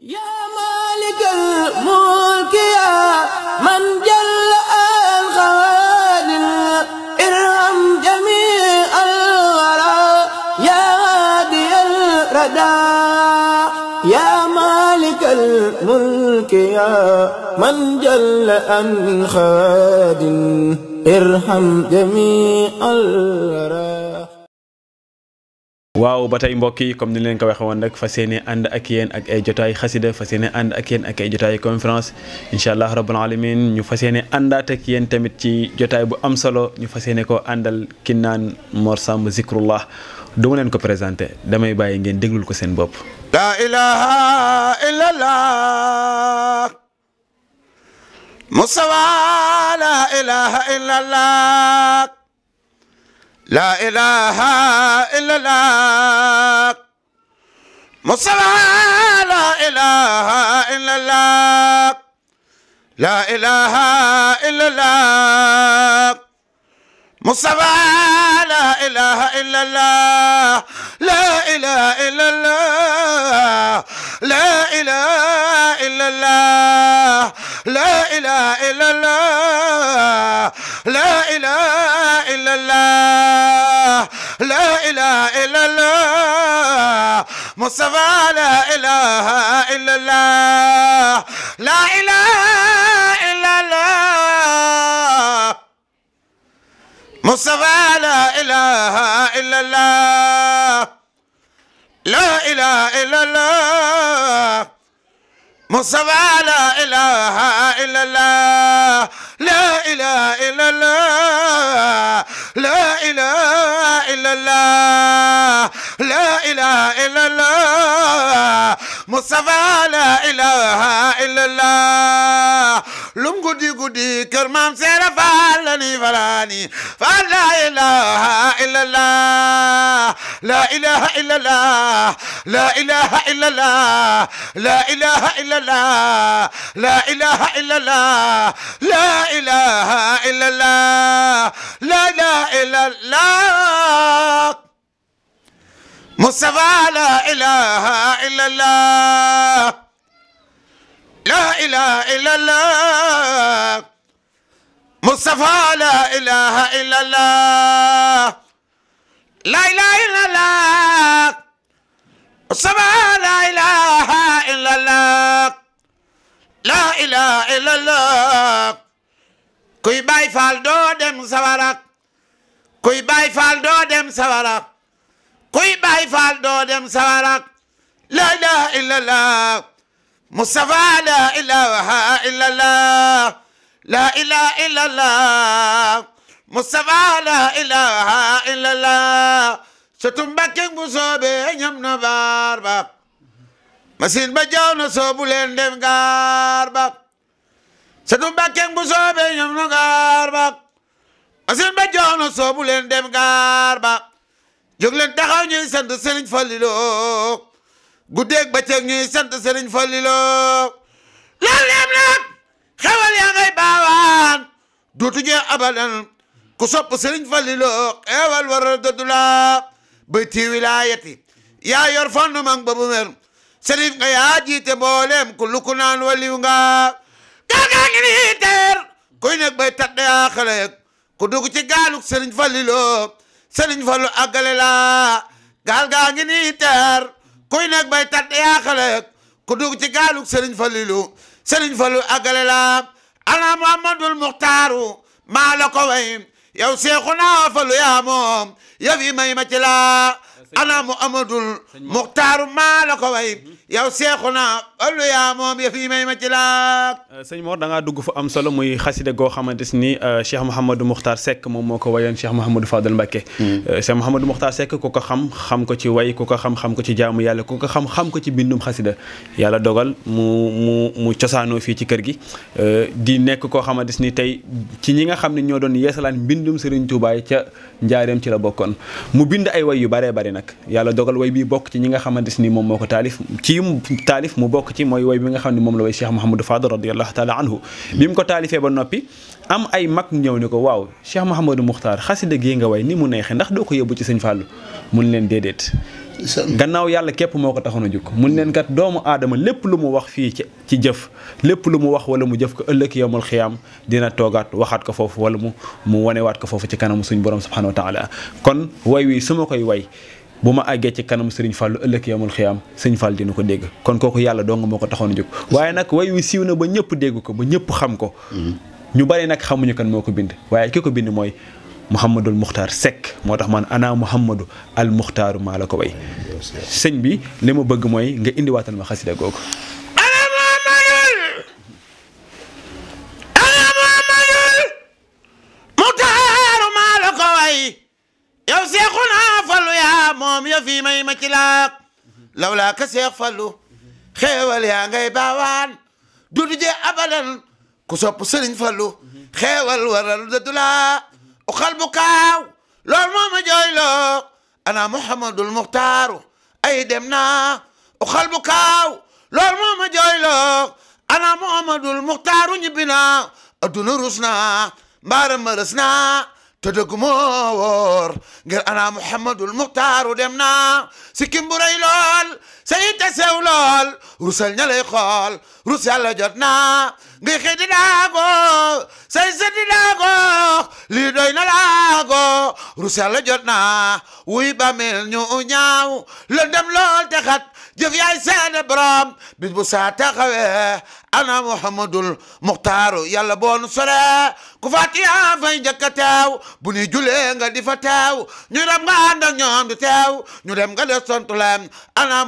yaa maalikal mulki yaa man jalla al xawaadim irham jamii al waraa yaa haadiyal radaa yaa maalikal mulki yaa man jalla al xawaadim irham jamii al waraa waaw ba tey mbokk yi comme ni leen ko waxee woon rek fas yéene ànd ak yéen ak ay jotaay xasida fas yéene ànd ak yéen ak ay jotaay conférence incha allah rabbul alamin ñu fas yéene àndaat ak tamit ci jotaay bu am solo ñu fas yéene koo àndal ki naan Mor Samb Zikrullah du ma leen ko présenté damay bàyyi ngeen déglul ko seen bopp la ilaha illallah musawa la ilaha laa ilaaha illallah Mustafa laa ilaaha illallah laa ilaaha illallah Mustafa laa ilaaha illallah laa ilaaha illallah laa ilaaha illallah la ilaha illallah la ilaha illallah la ilaha illallah Mustafa la ilaha illallah la ilaha illallah Mustafa la ilaha illallah la ilaha illallah مصطفى لا إله إلا الله لا إله إلا الله لا إله إلا الله لا إله إلا الله مصطفى لا إله إلا الله lum guddi guddi kër maam seera faal la ni la ilaha illallah la ilaha la ilaha illallah la la ilaha illallah la la ilaha illallah Mustafa la ilaha illallah la الله مصطفى لا إله إلا الله لا إله إلا الله مصطفى لا إله إلا الله لا إله إلا الله كوي باي فال دو دم سوارك kuy baay faal doo dem sawara kuy baay faal doo dem sawara la ilaha illallah Mustafa la ilaha illallah la ilaha illallah Mustafa la ilaha illallah sëtu Mbàkke bu soobee ñam na baar ba masin ba jaw na soobu leen dem gaar ba sëtu bu soobee ñam na gaar ba masin ba jaw na soobu leen dem gaar ba jóg leen taxaw ñuy sant Sëriñ Fallilu guddeeg ba ñuy sant sëriñ Fallilu lool leem nag xewal yaa ngay baawaan dootu ñu abadan ku sopp sëriñ Fallilu xewal war a bay ti wilaayati yaa yor fonn mang ba mer sëriñ nga yaa jiite mboolem ku lukku naan waliw nga gaagaa ngi ni teer kuy bay tadda yaa xale ku dugg gaaluk sëriñ Fallilu sëriñ Fallu àggale laa gaal gaa ngi ni kuy nag bay tat yaa xale ku dugg ci gaalug Serigne Fallilou Serigne Fallou àggale la ana Muhammadul Muxtaaru maa la ko way yow Seexuna Fallu yaa moom yëf yi may ma ci la ana Muxtaaru maa la ko way mhm. yow seexu naa allu yaa moom yëf yi may ma ci laak euh, sëñ Mor da dugg fu am solo muy xaside goo xamante ni euh, Cheikh Mouhamadou Moukhtar sekk moom moo ko wayoon Cheikh Mouhamadou Fadal Mbacke hmm. euh, Cheikh Mouhamadou Moukhtar Seck ku ko xam xam ko ci way ko ko xam xam ko ci jaamu yàlla ku ko xam xam ko ci bindum xasida yàlla dogal mu mu mu cosaanoo fii ci kër gi di nekk koo xamante ni tey ci ñi nga xam ni ñoo doon yeesalaan bindum Serigne Touba ca njaareem ci la bokkoon mu bind ay way yu baree bari nag yàlla dogal way bii bokk ci ñi nga xamante ni moom moo yu mu taalif mu bokk ci mooy woy bi nga xam ne moom la woy Cheikh Mouhamadou Fadal radiallahu taala anhu bi mu ko taalifee ba noppi am ay mag ñëw ni ko waaw Cheikh Mouhamadou Moukhtar xasida gii nga woy ni mu neexee ndax doo ko yóbbu ci sëñ Fallou mun leen déedéet gannaaw yàlla képp moo ko taxoon a jóg mun leen kat doomu aadama lépp lu mu wax fii ci ci jëf lépp lu mu wax wala mu jëf ko ëllëg yowmal xiyaam dina toogaat waxaat ko foofu wala mu mu wanewaat ko foofu ci kanamu suñ borom subhanahu wa taala kon way wi bu ma àggee ci kanam sëriñ Fall ëllëg yamul xiyaam sëñ faal dina ko dégg kon kooku yàlla dong moo ko taxoon a jóg waaye nag way wi siiw na ba ñëpp dégg ko ba ñëpp xam ko ñu bari nag xamuñu kan moo ko bind waaye ki ko bind mooy Mouhamadul Muxtaar sekk moo tax man ana Mouhamadou al Muxtaaru maa la ko way sëñ bi li ma bëgg mooy nga indiwaatal ma xasida googu may ma ci laak lawlaa ka seex fallu xeewal yaa ngay baawaan dudu jee abadan ku sopp sëriñ fallu xeewal waral dadu laa u xal bu kaaw loolu moo ma jooyloo ana muhammadul muxtaaru ay dem naa u xal bu kaaw loolu moo ma jooyloo ana muhammadul muxtaaru ñibbi naa adduna rus naa mbaara mërës naa te dëgg moo ana muhammadul muxtaaru dem naa sikkim bu lool say te lool rusal ña xool rus yàlla jot naa ngay xëy di daago say sët di daago lii doy na laago rus yàlla ñu ñaaw lëndëm lool te xat jëf yaay seede borom bu saa taxawee ana muhammadul muxtaaru yàlla boonu sore ku fatiya fay jëkka teew bu ni julee nga di fa ñu dem nga ànd ak ñoom di teew ñu dem nga des sontulem ana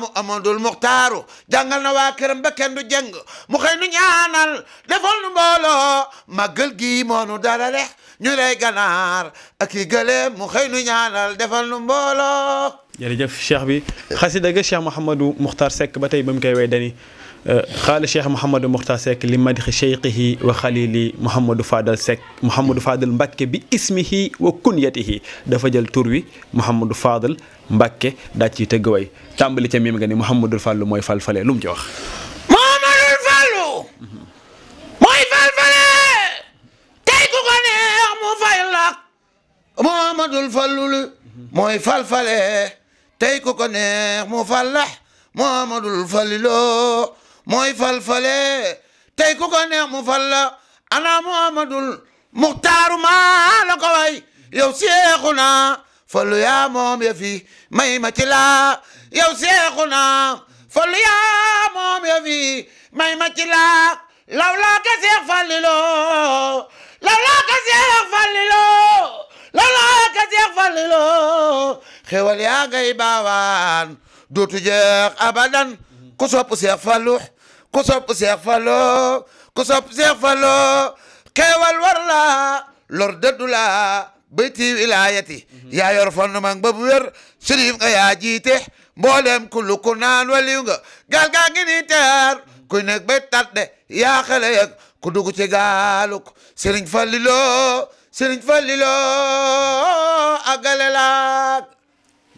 muxtaaru jàngal na waa këram ba kenn du jëng mu xëy nu ñaanal defal nu mbooloo màggal gi moonu dara le ñu lay ganaar ak i mu xëy nu ñaanal defal nu mbooloo jërëjëf cheikh bi xasida ga cheikh mouhamadou muxtaar sekk ba tey ba mu koy way xaala cheikh Mouhamadou Mokhtar Seck li madixi cheikhihi wa xalili Mouhamadou Fadal Seck Mouhamadou Fadal Mbacke bi ismihi wa kunyatihi dafa jël tur wi Mouhamadou Fadal daa ciy tëgg way tàmbali ca miim nga ni Mouhamadou Fallou mooy falfale lu mu ci wax. Mouhamadou mooy falfale tey ku ko neex mu fay la Mouhamadou Fallou mooy falfale tey ku ko mu fal la ana muhammadul muxtaaru maa la ko way yow seexu naa falu yaa moom ya fi may ma ci laa yow seexu naa falu yaa moom ya fi may ma ci laa law laa ka seex fallilo law laa ka seex fallilo law laa ka seex fallilo xewal yaa jeex abadan kusopu Seex Fallu kusopu Seex Fallu kusopu Seex Fallu xeewal war la lor dëddu la bayti wilayati mhm. yaa yor fondement ba bu wér sëriñ nga yaa jiite mboolem kullu ku naan waliw nga gaal gaa ngi nii teer kuy nekk bay de yaa xale yeg ku dugg ci gaaluk sëriñ Fallilo sëriñ Fallilo àggale laag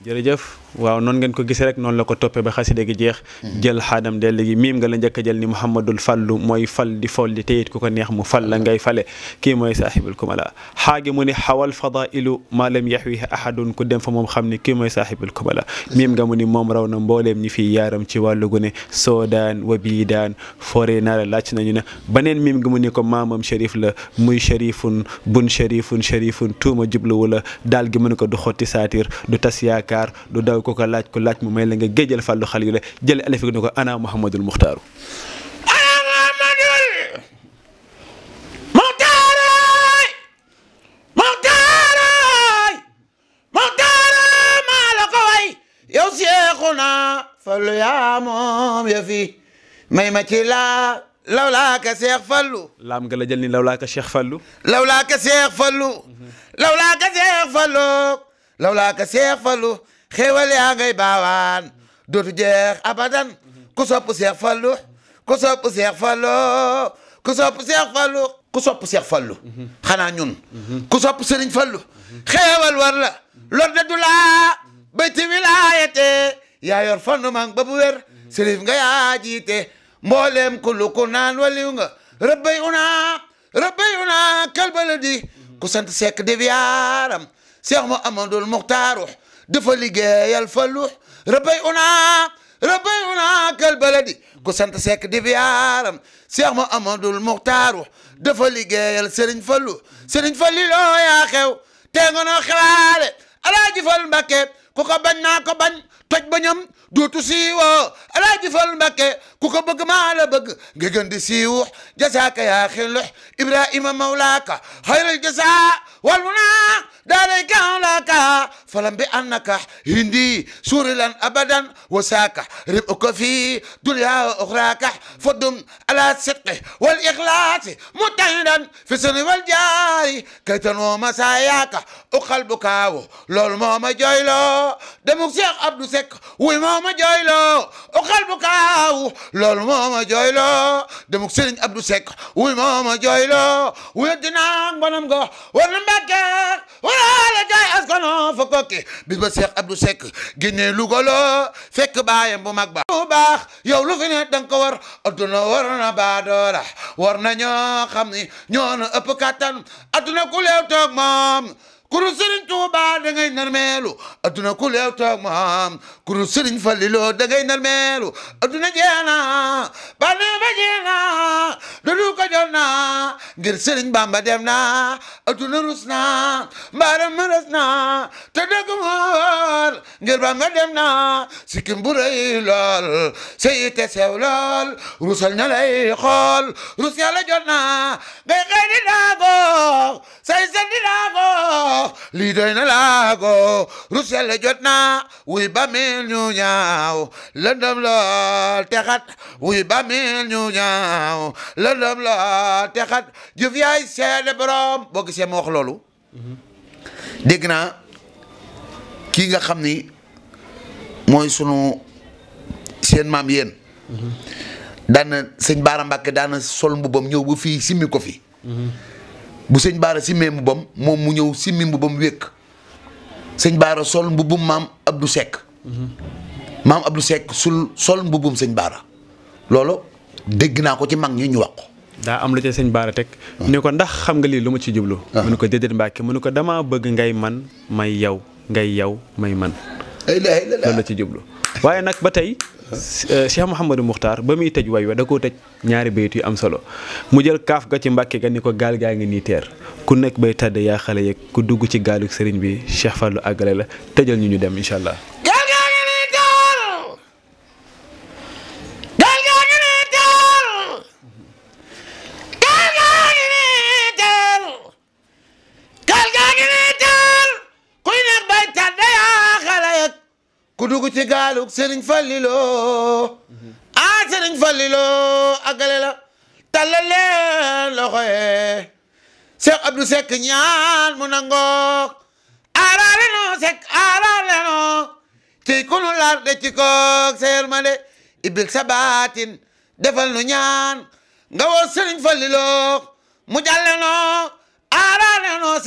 jërëjëf waaw noonu ngeen ko gisee rek noonu la ko toppee ba xaside gi jeex mhm. jël xaadam dell gi miim nga la njëkk a jël ni muhammadul fallu mooy fal di fol di teyit ku ko neex mu fal la ngay fale kii mooy saahibul kumala xaagi mu ni xawal fadailu maa lam yaxwihi ahadun ku dem fa moom xam ni kii mooy saahibul kumala miim nga mu ni moom raw na mbooleem ñi fi yaaram ci wàllu gune soodaan wa bii daan foore naa la laaj nañu ne baneen miim nga mu ni ko maamam sharif la muy sharifun bun sharifun sharifun tuuma jubluwu la daal gi mu ni ko du xotti saatir du tas yaakaar du ko ko laaj ko laaj mu may la nga géejal fàllu xal yu la jële alif gi ne ko ana muhammadul muxtaaru fallu yaa moom ya fi may ma ci laa lawlaaka seex fallu laam nga la jël ni lawlaaka seex fallu lawlaaka seex fallu lawlaaka seex fallu lawlaaka seex fallu xéewal yaa ngay baawaan dootu jeex abadan ku sopp Seex Fallu ku sopp Seex Fallu xanaa ñun ku sopp Sëriñ Fallu xéewal war la lor de du laa bayti wilaayate yaa yor fannu mang ba bu wér sërif jiite mbooleem ku ku naan waliw nga rëbbay unaa rëbbay unaa kalbala di ku sant sekk dib yaaram Seex mu amadul muxtaaru dafa liggéeyal fa luux rabay unaa rabay unaa kal baladi ku sant sekk di biyaaram seex ma amadul muxtaaru dafa liggéeyal sëriñ fa luux sëriñ fa liloo yaa xew tee nga alaaji fal ba ñam ku ko maa la bëgg nga jasaaka yaa xellux ibrahima mawlaaka xayral jasa wal munaa daaray kan laka falam bi annaka hindi surilan abadan wasaka ribuka fi dunya wa ukhraka fadum ala sidqi wal ikhlasi mutahidan fi sirri wal jaari kaytan wa masayaka uqal bukaawo loolu moo ma jooyloo demuk Cheikh Abdou Seck wuy moo ma jooyloo uqal bukaawo waaw a moo ma jooyloo demuk Serigne Abdou Seck wuy moo ma jooyloo weddi naa mbonam go war na Mbàkke wala la jaay askano fa kokki bis ba Seex Abdou Seck génnee lugaloo fekk baayam bu mag ba bu lu fi ne danga ko war adduna war na baadoola war na ñoo xam ni ñoo na ëpp kattan adduna ku leew toog moom kuru sëriñ Tuuba da ngay narmeelu adduna ku leew taag maam kuru sëriñ Faliloo da ngay narmeelu adduna jeena ba ne jeena dudu ko jot na ngir sëriñ Bamba dem na adduna rus na mbaaram rus te dëgg moor ngir Bamba dem na sikkim bu rëy lool sey te sew lool rusal ña lay xool rus yàlla jot na ngay xëy di say sët di daagoo lii doy na laago rusel jot na wuy ba mil ñu ñaaw lëndëm lool texat wuy ba mil ñu ñaaw lool texat jëf yaay seede borom boo gisee wax loolu dégg naa kii nga xam ni mooy sunu seen maam yéen mhm. daana sëñ Baara Mbàkke daana sol mbubam ñëw bu fii simmi ko fi mhm. bu sëñ Baara simmee mbubbam moom mu ñëw simmi mbubbam wékk sëñ Baara sol mbubbum maam ab Abdou Seck maam Abdou Seck sul sol mbubbum sëñ Baara loolu dégg naa ko ci mag ñi ñu wax ko daa am lu ca sëñ Baara teg ah. ne ko ndax xam nga lii lu ma ci jublu ah. mu ne ko déedéet Mbàkke mu ne ko damaa bëgg ngay man may yow ngay yow may man loolu la ci jublu waaye nag ba tey Euh, Cheikh Mouhamadou Moukhtar ba muy tëj way wa da koo tëj ñaari bayit yu am solo mu jël kaaf ga ci mbàkke ga ni ko gaal gaa ngi nii teer ku nekk bay tàdd yaa xale yeeg ku dugg ci gaalu sëriñ bi Cheikh Fallou àggale la tëjal ñu ñu dem incha allah ku dugg ci gaalug sëriñ Falliloo ah sëriñ Falliloo àggale la tàllal leen loxo yee Cheikh Abdou Seck ñaan mu nangook aaraale noo aaraale noo ci kunu laar de ci koog sa yërmande ibil sa baatin defal mu jàlle noo aaraale noo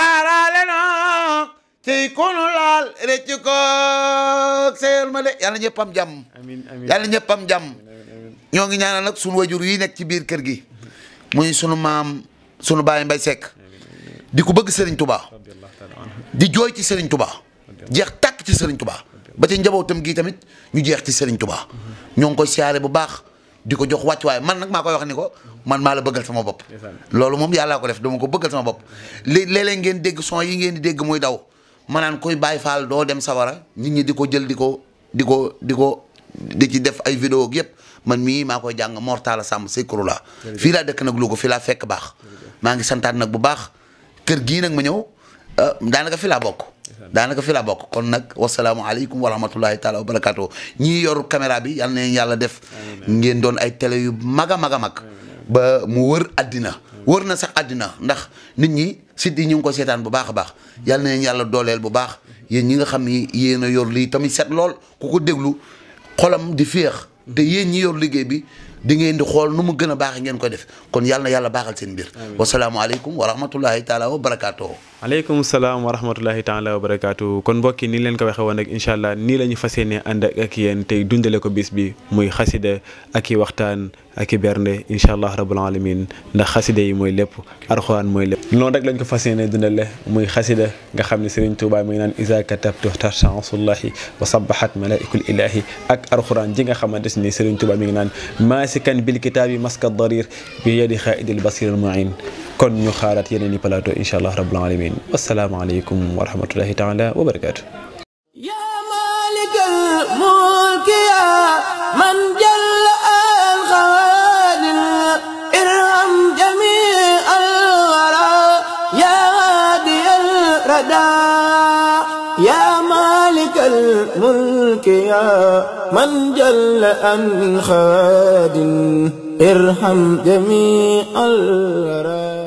aaraale noo tey koonu laal réccu ko seel ma de yàlla ñëpp am jàmm amiin yàlla ñëpp am jàmm ñoo ngi ñaanal nag sunu wajur yi nekk ci biir kër gi muy suñu maam sunu baay Mbay Seck di ko bëgg Serigne Touba di jooy ci Serigne Touba jeex tàkk ci Serigne Touba ba ci njabootam gii tamit ñu jeex ci Serigne Touba mhm. ñoo ngi koy siyaare bu baax di ko jox wàcc waaye man nag maa koy wax ni ko man maa la bëggal sama bopp loolu moom yàllaa ko def dama ko bëggal sama bopp mhm. li léeg ngeen dégg son yi ngeen di dégg muy daw ma koy bàyyi faal doo dem sawara nit ñi di ko jël di ko di ko di ko di ci def ay vidéo yëpp man mii maa koy jàng mortala sàmm sikru la fii laa dëkk nag ko fii laa fekk baax maa ngi santaat nag bu baax kër gii nag ma ñëw ah, daanaka fi laa bokk daanaka fi laa bokk kon nag wasalaamualeykum wa rahmatullahi taala wa barakatu ñii yor caméra bi yal na yàlla def ngeen doon ay télé yu mag a mag a mag ba mu wër àddina wër na sax àddina ndax nit ñi sit di ñu ngi ko seetaan bu baax a baax yàlla na leen yàlla dooleel bu baax yéen ñi nga xam ni yéen a yor lii tamit set lool ku ko déglu xolam di féex te yéen ñi yor liggéey bi di ngeen di xool nu mu gën a baax ngeen ko def kon yàlla na yàlla baaxal seen mbir wasalaamualeykum wa rahmatullahi taala wa barakaatuhu aleykum salaam wa rahmatullahi taala wa barakaatu kon mbokki ni leen ko waxee woon rek incha allah nii la ñu fas yéene ànd ak yéen tey dundale ko bis bi muy xasida ak i waxtaan ak i bernde incha allah rabbul alamin ndax xasida yi mooy lépp arxuraan mooy lépp noonu rek lañ ko fas yéene dundale muy xasida nga xam ne Sëriñ Tuubaa mi ngi naan isa katabtu tarsansullahi wa sabahat malaikul ilahi ak arxuraan ji nga xamante ni Sëriñ Tuubaa mi ngi naan maasikan bil kitaabi maska darir bi yadi xaaidil kon ñu xaaraat yeneen i plateau incha allah rabbul alamin wasalaamaaleykum wa rahmatullahi taala wa barakaatu. ya malikal mulki ya man jalla al qadir irham jami al wara ya hadi al rada ya malikal mulki ya man jalla an qadir ارحم جميع الورى